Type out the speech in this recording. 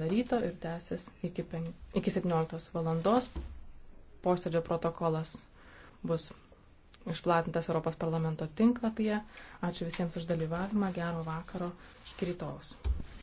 daryto ir tęsis iki, pen... iki 17 valandos. Posėdžio protokolas bus išplatintas Europos parlamento tinklapyje. Ačiū visiems už dalyvavimą, gero vakaro, iki rytojus.